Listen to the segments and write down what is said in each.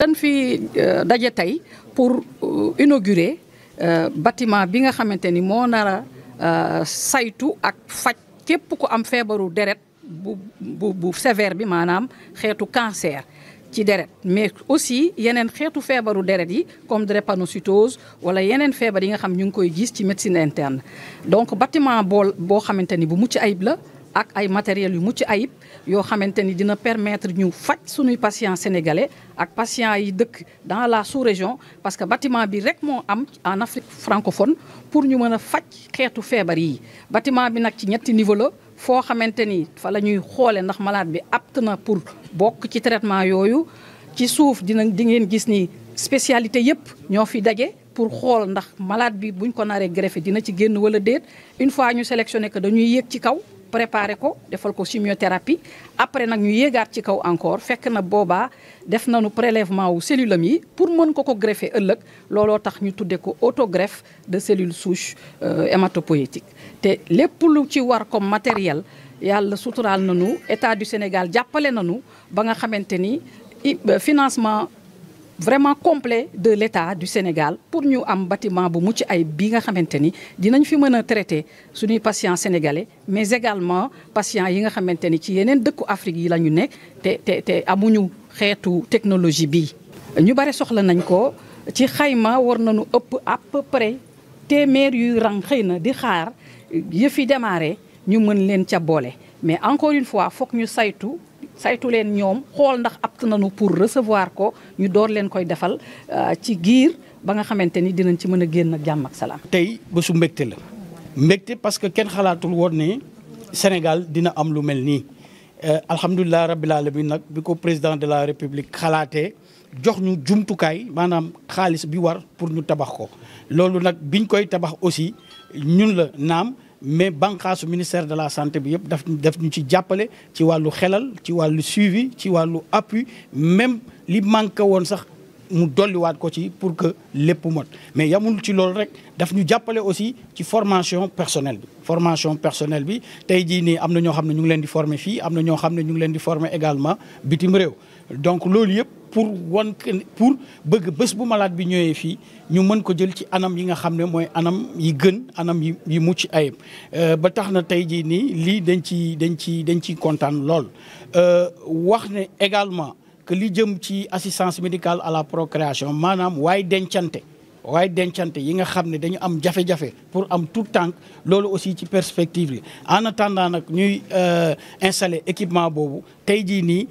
dañ fi euh, daje tey pour euh, inaugurer euh, bâtiment bi nga xamante ni moo nara a saytu ak faj képp ku am feebaru deret bu bu bu bi maanaam xeetu cancer ci deret mais aussi yeneen xeetu feebaru deret yi comme drépanocytose wala yeneen feebar yi nga xam ñu ngi koy gis ci médecine interne donc bâtiment bool boo xamante ni bu mucc ayib la ak ay matériels yu mucc ayib yoo xamante ni dina permettre ñu faj suñuy patients sénégalais ak patients yi dëkk dans la sous-région parce que batiment bi rek moo am en Afrique francophone pour ñu mën a faj xeetu feebar yi batiment bi nag ci ñetti niveau la foo xamante ni fa la ñuy xoole ndax malade bi apte na pour bokk ci traitement yooyu ci suuf dina di ngeen gis ni spécialité yëpp ñoo fi daje pour xool ndax malade bi buñ ko naree greffé dina ci génn wala déet une fois ñu sélectionné que dañuy yéeg ci kaw préparé ko defal ko chimiothérapie après nag ñu yéegaat ci kaw encore fekk na boobaa def nañu prélèvement wu cellule am yi pour mën ko ko greffer ëllëg looloo tax ñu tuddee ko autogreffe de cellule souche euh, hématopoïétique te lépp lu ci war comme matériel yàlla suturaal nañu état du Sénégal jàppale nañu ba nga xamante ni euh, financement vraiment complet de l'État du Sénégal pour ñu am batiment bu mucc ay bi nga xamante ni dinañ fi mën a traiter suñuy patients sénégalais mais également patients yi nga xamante ni ci yeneen dëkku Afrique yi la ñu nekk te te te amuñu xeetu technologie bi ñu bare soxla nañ ko ci xayma war nañu ëpp à peu près téeméer yuy rang xëy na di xaar yëfi démarré ñu mën leen ca boole mais encore une fois foog ñu saytu saytu leen ñoom xool ndax apt nañu pour recevoir ko ñu door leen koy defal euh, ci giir ba nga xamante ni dinañ ci mën a génn ak jàmm ak salaam. tey bésu mbégte la mbégte parce que kenn xalaatul woon ne Sénégal dina am lu mel nii euh, alhamdulilah rabbil bi nag bi ko président de la république xalaatee. jox ñu jumtukaay maanaam xaalis bi war pour ñu tabax ko loolu nag biñ koy tabax aussi ñun la naam mais bànqaasu ministère de la santé bi yëpp daf daf ñu ci jàppale ci wàllu xelal ci wàllu suivi ci wàllu appui même li manque woon sax mu dolliwaat ko ci pour que lépp mot mais yamul ci loolu rek daf ñu jàppale aussi ci formation personnelle bi formation personnelle bi tey jii nii am na ñoo xam ne ñu ngi leen di forme fii am na ñoo xam ne ñu ngi leen di former également bitim réew donc loolu yëpp pour wan pour bëgg bés bu malaat bi ñëwee fii ñu mën ko jël ci anam yi nga xam ne mooy anam yi gën anam yi yi mucc ayib euh, ba tax na tey jii nii lii dañ ci dañ ci dañ ciy kontaan lool euh, wax ne également que li jëm ci assistance médicale à la procréation maanaam waaye dencante waaye dencante yi nga xam ne dañu am jafe-jafe pour am tout tànk loolu aussi ci perspective li en attendant nag ñuy euh, installer équipement boobu tey jii nii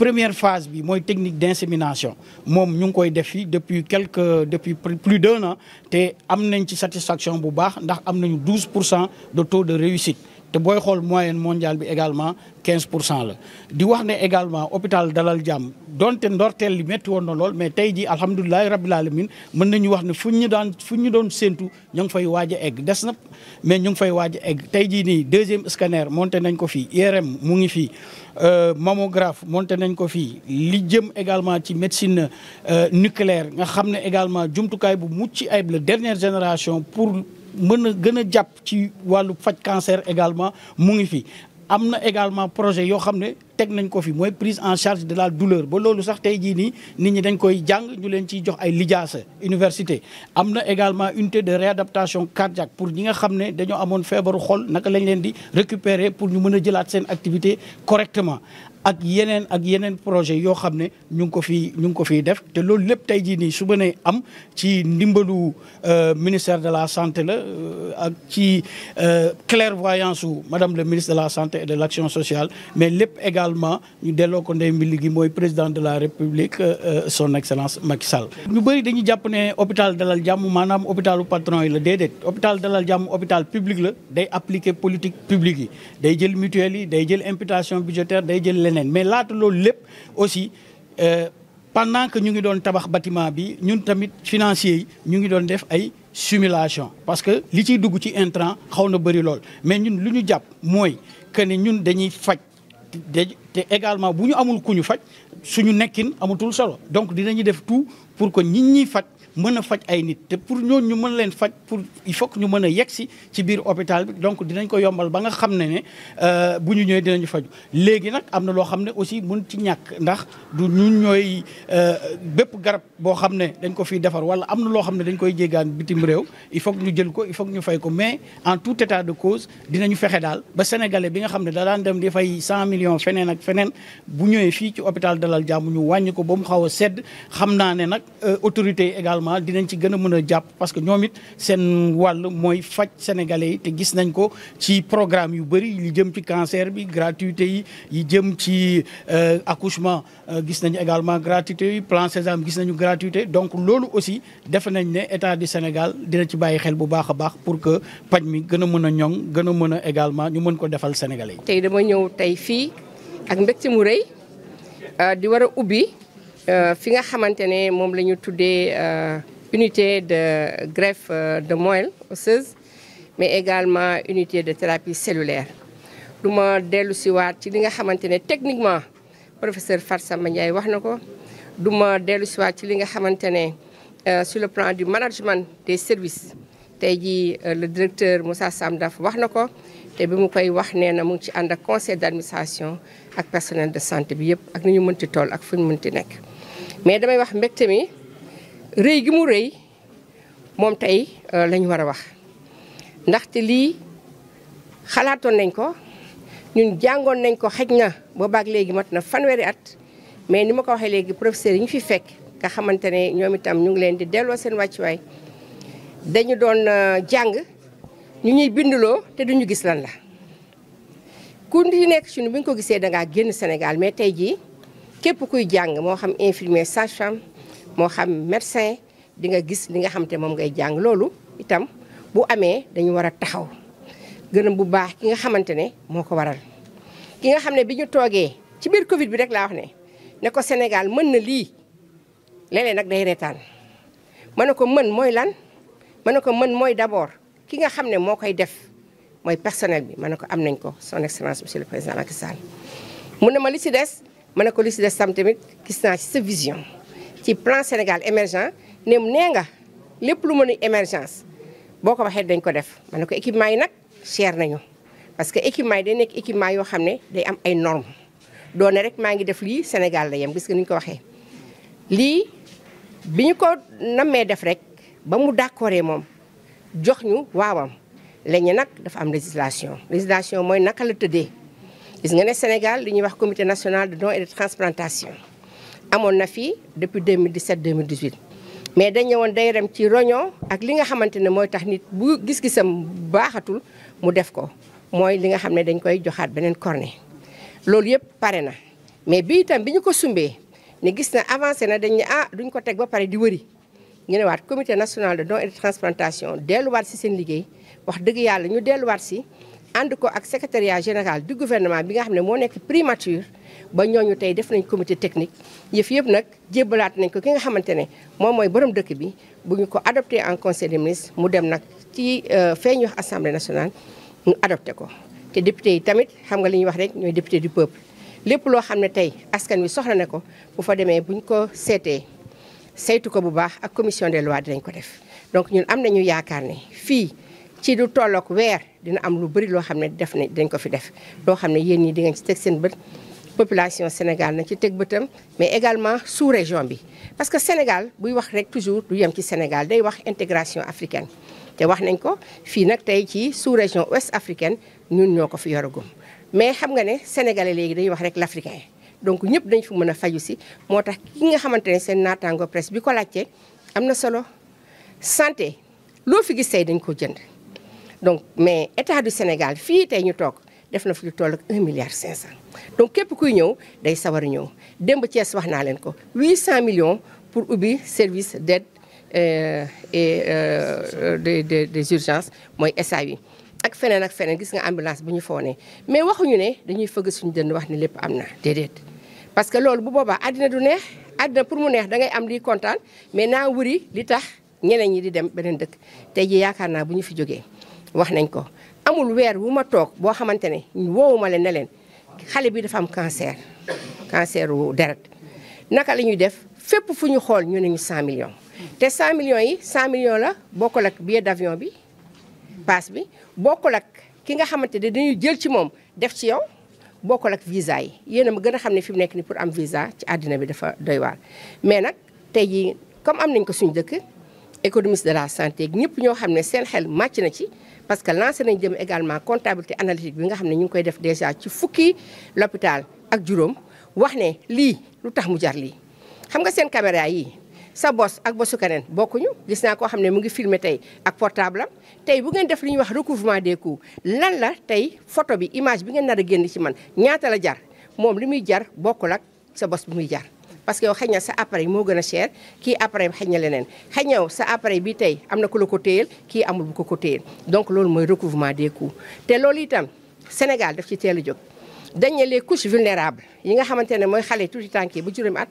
première phase bi mooy technique d'insémination moom ñu ngi koy def fii depuis quelque depuis plus d'un an te am nañ ci satisfaction bu baax ndax am nañu 12 pour cent de taux de réussite te booy xool moyenne mondiale bi également 15 pour cent la di wax ne également hôpital Dalal Jàmm donte ndorteel li métti woon na lool mais tey jii alhamdulilahi rabbil alamin mën nañu wax ne fu ñu daan fu ñu doon séentu ñu ngi fay waaj egg des na mais ñu ngi fay waaj egg tey jii nii deuxième scanner monté nañ ko fii IRM mu ngi fii Euh, mammographe monté nañ ko fii li jëm également ci médecine euh, nucléaire nga xam ne également jumtukaay bu mucc ayib la dernière génération pour mën a gën a jàpp ci wàllu faj cancer également mu ngi fi am na également projet yoo xam ne teg nañ ko fi mooy prise en charge de la douleur ba loolu sax tey jii nii nit ñi dañ koy jàng ñu leen ci jox ay lijaasa université am na également unité de réadaptation cardiaque pour ñi nga xam ne dañoo amoon feebaru xol naka lañ leen di récupérer pour ñu mën a jëlaat seen activité correctement ak yeneen ak yeneen projet yoo xam ne ñu ngi ko fii ñu ngi ko fiy def te loolu lépp tey jii nii su ne am ci ndimbalu euh, ministère de la santé la euh, ak ci euh, clairvoyance su madame le ministre de la santé et de l'action sociale mais lépp également ñu delloo ko ndey mbi gi mooy président de la république son excellence Macky Sall. ñu bëri dañuy jàpp ne hôpital Dalal Jàmm maanaam hôpitalu patron yi la déedéet hôpital Dalal Jàmm hôpital public la day appliquer politique publique yi day jël yi day jël imputation budgétaire day jël leneen mais laata loolu lépp aussi euh, pendant que ñu ngi doon tabax bâtiment bi ñun tamit financier yi ñu ngi doon def ay simulation parce que li ciy dugg ci intrant xaw na bëri lool mais ñun lu ñu jàpp mooy que ne ñun dañuy faj te également bu ñu amul ku ñu faj suñu nekkin amatul solo donc dinañu def tout pour que ñi ñuy faj mën a faj ay nit te pour ñooñu ñu mën leen faj pour il faut ñu mën a yegsi ci biir hôpital bi donc dinañ ko yombal ba nga xam ne ne euh, bu ñu ñëwee dinañu faj léegi nag am na loo xam ne aussi mën ci ñàkk ndax du ñu ñooy euh, bépp garab boo xam ne dañ ko fiy defar wala am na loo xam ne dañ koy jéggaan bitim réew il faut ñu jël ko il faut que ñu fay ko mais en tout état de cause dinañu fexe daal ba sénégalais bi nga xam ne daal daan dem di fay cent million feneen ak feneen bu ñëwee fii ci hôpital Dalal Jàmm ñu wàññi ko ba mu xaw a sedd xam naa ne nag euh, autorité également également dinañ ci gën a mën a jàpp parce que ñoom it seen wàll mooy faj sénégalais yi te gis nañ ko ci programme yu bëri li jëm ci cancer bi gratuité yi yi jëm ci euh, accouchement euh, gis nañu également gratuité yi plan Sésame gis nañu gratuité donc loolu aussi defe nañ ne état du Sénégal dina ci bàyyi xel bu baax a baax pour que pañ mi gën a mën a ñoŋ gën a mën a également ñu mën ko defal sénégalais yi. tey dama ñëw tey fii ak mbégte mu rëy euh, di war ubbi. Euh, fi nga xamante ne moom la ñu tuddee euh, unité de greffe euh, de moelle osseuse mais également unité de thérapie cellulaire du ma dellu si waat ci li nga xamante ne techniquement professeur Farsamba Ndiaye wax na ko du ma dellu si waat ci li nga xamante ne sur le plan du management des service tey jii le directeur Moussa Sam Daf wax na ko te bi mu koy wax nee na mu ngi ci ànd ak conseil d'administration ak personnel de santé bi yëpp ak na ñu mënti toll ak fu ñu mënti nekk mais damay wax mbégte mi rëy gi mu rëy moom tey euh, lañu war a wax ndaxte lii xalaatoon nañ ko ñun jàngoon nañ ko xëj na boobaak léegi mat na fanweeri at mais ni ma ko waxee léegi professeur yi ñu fi fekk nga xamante ne ñoom itam ñu ngi leen di delloo seen wàccuwaay dañu doon euh, jàng ñu ñuy bindloo te duñu gis lan la ku di nekk si ñu bu ñu ko gisee dangaa génn Sénégal mais tey jii képp kuy jàng moo xam infirmier sage-femme moo xam médecin di nga gis li nga xam te moom ngay jàng loolu itam bu amee dañu war a taxaw gërëm bu baax ki nga xamante ne moo ko waral. ki nga xam ne bi ñu toogee ci biir Covid bi rek laa wax ne ne ko Sénégal mën na lii léeg nag day reetaan ma ne ko mën mooy lan ma ne ko mën mooy d'abord ki nga xam ne moo koy def. mooy personnel bi ma ne ko am nañ ko son excellence monsieur le président Macky Sall mu ne ma li ma ne ko li si des tam tamit gis naa ci sa vision ci plan Sénégal émergent nem nee nga lépp lu mënu émergence boo ko waxee dañ ko def ma ne ko équipement yi nag cher nañu parce que équipement yi day nekk équipement yoo xam ne day am ay normes doone rek maa ngi def lii Sénégal la yem gis nga ni ñu ko waxee lii bi ñu ko nammee def rek ba mu d'accordé moom jox ñu waawam léegi nag dafa am législation législation mooy naka la tëddee gis nga ne Sénégal li ñuy wax comité national de don et de transplantation amoon na fii depuis 2017 2018 mais dañ ñëwoon day rem ci roño ak li nga xamante ne mooy tax nit bu gis-gisam baaxatul mu def ko mooy li nga xam ne dañ koy joxaat beneen cornée loolu yëpp pare na mais bi itam bi ñu ko sumbee ne gis na avancé na dañ ne ah duñ ko teg ba pare di wëri ñu ne waat comité national de don et de transplantation delluwaat si seen liggéey wax dëgg yàlla ñu delluwaat si ànd ko ak secretariat général du gouvernement bi nga xam ne moo nekk primature ba ñooñu tey def nañ comité technique yëf yëpp nag jébbalaat nañ ko ki nga xamante ne moom mooy borom dëkk bi bu ñu ko adopté en conseil des ministres mu dem nag ci euh, feeñ wax assemblée nationale ñu adopté ko. te député yi tamit xam nga li ñuy wax rek ñooy député du peuple lépp loo xam ne tey askan wi soxla ne ko bu fa demee bu ñu ko seetee saytu ko bu baax ak commission des dinañ ko def donc ñun am nañu yaakaar ne fii. ci lu tolloog weer dina am lu bëri loo xam ne def nañ dañ ko fi def loo xam ne yéen ñi di ngeen ci teg seen bët population Sénégal nañ ci teg bëtam mais également sous région bi parce que Sénégal buy wax rek toujours du yem ci Sénégal day wax intégration africaine te wax nañ ko fii nag tey ci sous région ouest africaine ñun ñoo ko fi yoragum mais xam nga ne sénégalais léegi dañuy wax rek l'africain donc ñëpp dañ fi mën a faju si moo tax ki nga xamante ne seen naataango presse bi ko laajte am na solo santé loo fi gis dañ ko jënd donc mais état du Sénégal fii tey ñu toog def na fu ñu toll ak 1 milliard 500 donc képp kuy ñëw day sawar a ñëw démb Thiès wax naa leen ko 800 millions pour ubbi service d'aide euh, et des euh, des des urgences mooy SAV. ak feneen ak feneen gis nga ambulance bu ñu foonee mais waxuñu ne dañuy fëgg suñu dënd wax ni lépp am na déedéet parce que loolu bu boobaa àddina du neex àddina pour mu neex da ngay am liy kontaan mais naa wuri li tax ñeneen ñi di dem beneen dëkk tey ji yaakaar naa bu ñu fi jógee. wax nañ ko amul weer wu ma toog boo xamante ne woowuma leen ne leen xale bii dafa am cancer cancer wu deret naka la ñuy def fépp fu ñu xool ñu ne ñu 100 te 100 millions yi 100 millions la bokkul ak billet d'avion bi paas bi bokkul ak ki nga xamante ne dañuy jël ci moom def ci yow bokkul ak visa yi yéen a ma gën a xam ne fi mu nekk nii pour am visa ci àddina bi dafa doy waar. mais nag tey jii comme am nañ ko suñu dëkk économiste de la santé ñëpp ñoo xam ne seen xel màcc na ci. parce que lancé nañ jëm également comptabilité analytique bi nga xam ne ñu ngi koy def déjà ci fukki l'hôpital ak juróom wax ne lii lu tax mu jar lii xam nga seen caméra yi sa bos ak bosu keneen bokkuñu gis naa koo xam ne mu ngi filmer tey ak portable tey bu ngeen def li ñuy wax recouvrement des ko lan la tey photo bi image bi ngeen nar a génn ci man ñaata la jar moom li muy jar bokkul ak sa bos bi muy jar parce que yow xëy na sa après moo gën a cher kii appareil xëy na leneen xëy na yow bi tey am na ku la ko téyel kii amul bu ko ko téyel donc loolu mooy recouvrement de ku te loolu itam Sénégal def ci teel a jóg dañ ne les yi nga xamante ne mooy xale tuuti tànk yi bu juróomi at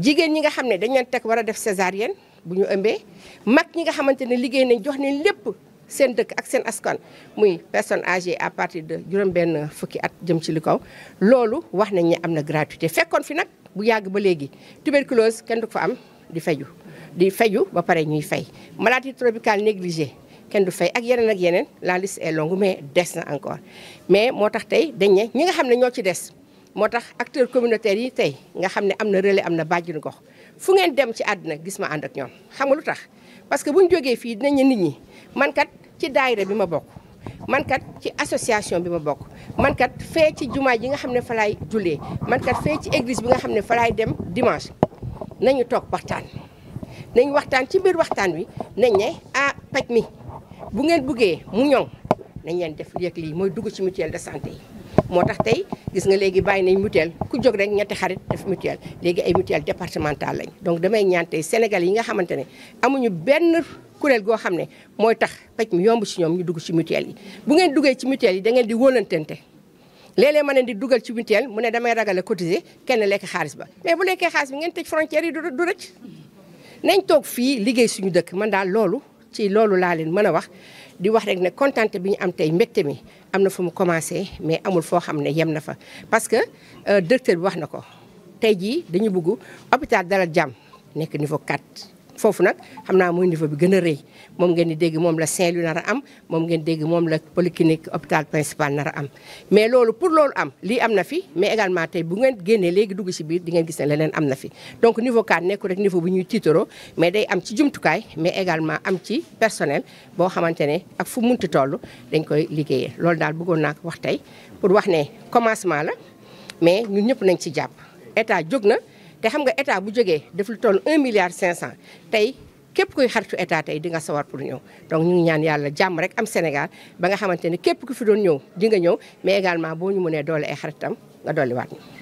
jigéen ñi nga xam ne dañ leen teg war a def césarienne bu ñu ëmbee mag ñi nga xamante ne liggéey nañ jox nañ lépp seen dëkk ak seen askan muy personne agé à partir de juróom benn fukki at jëm ci li kaw loolu wax nañ ne am na gratuité fekkoon fi nag bu yàgg ba léegi tuberculose kenn du fa am di faju di faju ba pare ñuy fay maladie tropicale négligée kenn du fay ak yeneen ak yeneen la liste est longu mais des na encore mais moo tax tey dañ ñi nga xam ne ñoo ci des moo tax acteurs communautaires yi tey nga xam ne am na relais am na bàjjenu gox fu ngeen dem ci àddina gis ma ànd ak ñoom xam nga lu tax parce que bu ñu jógee fii dinañ ne nit ñi man kat ci daayira bi ma bokk mankat ci association bi ma bokk mankat fee ci jumaa ji nga xam ne falaay laay mankat man fee ci église bi nga xam ne fa dem dimanche nañu toog waxtaan. nañ waxtaan ci biir waxtaan wi nañ ne ah paj mi bu ngeen buggee mu ñoŋ nañ leen def yëg lii mooy dugg ci mutuelle de santé yi. moo tax tey gis nga léegi bàyyi nañ mutuelle ku jog rek ñetti xarit def mutuelle léegi ay mutuelle départementale lañ donc damay ñaan tey Sénégal yi nga xamante ne amuñu benn. kuréel goo xam ne mooy tax paj mi yomb si ñoom ñu dugg ci mutuel yi bu ngeen duggee ci mutuel yi dangeen di wóolantente léeg-léeg ma leen di dugal ci mutuel mu ne damay ragal a cotiser kenn lekk xaalis ba mais bu lekkee xaalis bi ngeen tëj frontière yi du du rëcc nañ toog fii liggéey suñu dëkk man daal loolu ci loolu laa leen mën a wax di wax rek ne kontante bi ñu am tey mbégte mi am na fu mu commencé mais amul foo xam ne yem na fa parce que euh, directeur bi wax na ko tey jii dañu bëgg hôpital Dalal Jàmm nekk niveau 4 foofu nag xam naa mooy niveau bi gën a rëy moom ngeen di dégg moom la Saint-Louis nar am moom ngeen dégg moom la polyclinique hôpital principal nar a am. mais loolu pour loolu am lii am na fi mais également tey bu ngeen génnee léegi dugg ci biir di ngeen gis am na fi donc niveau 4 nekkul rek niveau bu ñuy tiitaroo mais day am ci jumtukaay mais également am ci personnel boo xamante ne ak fu mun ti toll dañ koy liggéeyee loolu daal buggoon naa wax tey pour wax ne commencement la mais ñun ñëpp nañ ci jàpp état jóg na. te xam nga état bu jógee def lu toll 1 milliard 500 tey képp kuy xaritu état tey di nga sawar pour ñëw donc ñu ñaan yàlla jàmm rek am Sénégal ba nga xamante ne képp ku fi doon ñëw di nga ñëw mais également boo ñu mënee doole ay xaritam nga dolliwaat ñu.